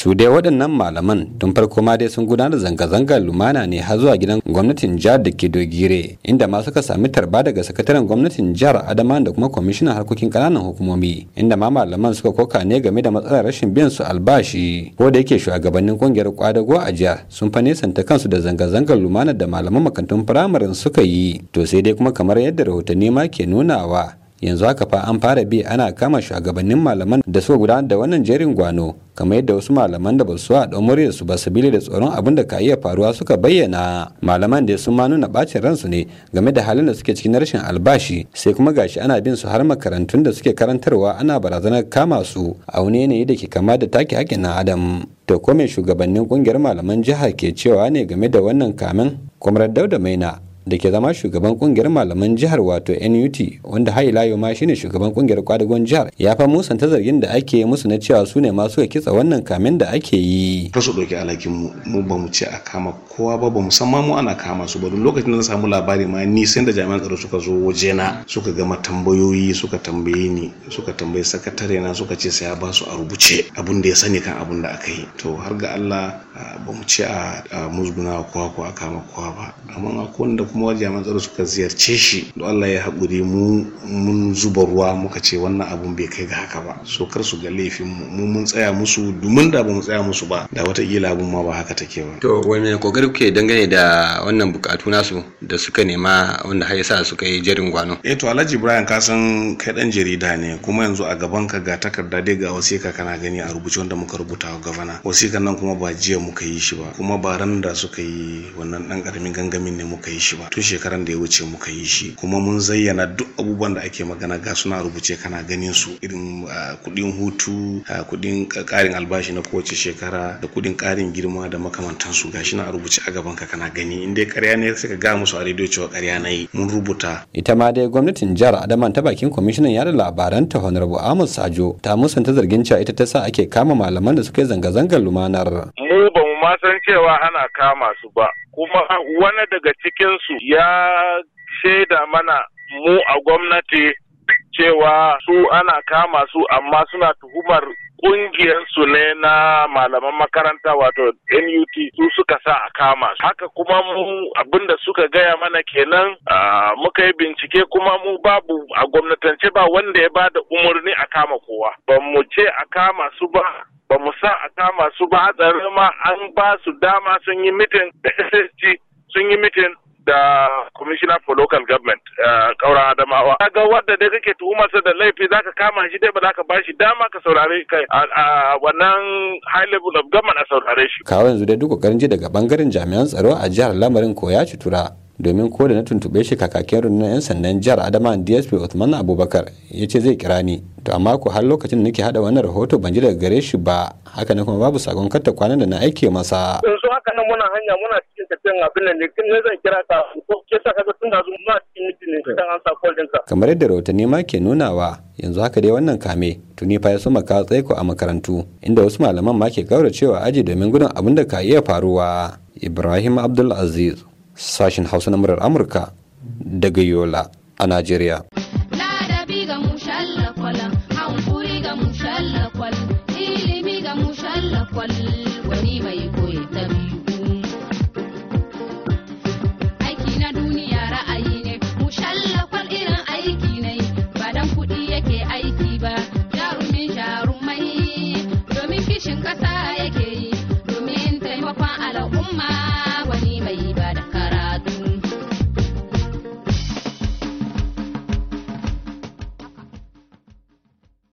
su dai waɗannan malaman tun farko ma dai sun gudanar zanga-zangar lumana ne har zuwa gidan gwamnatin jihar da ke dogire inda ma suka sami tarba daga sakataren gwamnatin jihar adama da kuma kwamishinan harkokin ƙananan hukumomi inda ma malaman suka koka ne game da matsalar rashin biyan su albashi ko da yake shugabannin ƙungiyar kwadago a jihar sun fa nesanta kansu da zanga-zangar lumana da malaman makarantun firamaren suka yi to sai dai kuma kamar yadda rahotanni ma ke nunawa yanzu haka fa an fara bi ana kama shugabannin malaman da suka gudanar da wannan jerin gwano kamar yadda wasu malaman da ba su a ɗan su ba sabili da tsoron abin da ka iya faruwa suka bayyana malaman da sun ma nuna bacin ransu ne game da halin da suke cikin rashin albashi sai kuma gashi ana bin su har makarantun da suke karantarwa ana barazanar kama su a wani yanayi da ke kama da take haƙƙin na adam da kome shugabannin kungiyar malaman jiha ke cewa ne game da wannan kamin kwamrar dauda maina da ke zama shugaban kungiyar malaman jihar wato NUT wanda har ila ma shine shugaban kungiyar kwadagon jihar ya fa musanta zargin da ake musu na cewa su ne masu kitsa wannan kamen da ake yi to su dauki alhakin mu mu ba mu ce a kama kowa ba ba musamman mu ana kama su ba don lokacin da na samu labari ma ni sai da jami'an tsaro suka zo wajena suka gama tambayoyi suka tambaye ni suka tambaye sakatare na suka ce sai ya ba su a rubuce abin da ya sani kan abin da aka yi to har ga Allah ba mu ce a musguna kowa ko a kama kowa ba amma akwai wanda kuma kuma jami'an tsaro suka ziyarce shi da Allah ya haƙuri mu mun zuba ruwa muka ce wannan abun bai kai ga haka ba so kar su ga laifin mu mun tsaya musu domin da ba mu tsaya musu ba da wata watakila abun ma ba haka take ba to wani kokari kuke dangane da wannan bukatu nasu da suka nema wanda har yasa suka yi jerin gwano eh to Alhaji Ibrahim ka san kai dan jarida ne kuma yanzu a gaban ka ga takarda dai ga wasika kana gani a rubuce wanda muka rubuta wa gavana wasikan nan kuma ba jiya muka yi shi ba kuma ba ran da suka yi wannan dan karamin gangamin ne muka yi shi ba tun shekaran da ya wuce muka yi shi kuma mun zayyana duk abubuwan da ake magana ga suna rubuce kana ganin su irin ah, kudin hutu ah, kudin karin albashi na kowace shekara da kudin karin girma da makamantansu su gashi na rubuce a gaban ka kana gani in dai karya ne suka ga musu a rediyo cewa karya na yi mun rubuta ita ma dai gwamnatin jihar adama ta bakin kwamishinan yada labaran ta honorable ahmad sajo ta musanta zargin cewa ita ta sa ake kama malaman da suka yi zanga-zangar lumanar mu ba mu ma san cewa ana kama su ba kuma wani daga cikinsu ya shaida mana mu a gwamnati cewa su ana kama su amma suna tuhumar ƙungiyarsu ne na malaman makaranta wato NUT su suka sa a kama su. Haka kuma mu abinda suka gaya mana kenan muka yi bincike kuma mu babu a gwamnatance ba wanda ya bada da umarni a kama kowa. Ban mu ce a kama su ba ba mu sa a kama su ba hatsari ma an ba su dama sun yi mitin da SSG sun yi mitin da commissioner for local government eh, kaura adamawa ga wadda da kake tuhumarsa da laifi za ka kama shi dai ba ka ba shi dama ka saurare kai a wannan high level of government a saurare shi kawo yanzu dai duk kokarin ji daga bangaren jami'an tsaro a jihar lamarin ko ya ci tura domin ko da na tuntube shi kakakin rundunar 'yan sandan jihar adama dsp usman abubakar ya ce zai kira ni to amma ko har lokacin da nake hada wannan rahoto ban ji daga gare shi ba haka na kuma babu sakon karta kwanan da na aike masa yanzu haka nan muna hanya muna cikin tafiyan abin nan ne kin ne zan kira ka ko ke sa ka tun da muna cikin miti ne dan an sa call kamar yadda rahotanni ma ke nunawa yanzu haka dai wannan kame tuni fa ya suma ka tsaiko a makarantu inda wasu malaman ma ke kauracewa aji domin gudun abin da ka iya faruwa Ibrahim Abdul Aziz sashen hausa na murar amurka daga yola a najeriya ilimi ga mushallakwal wani mai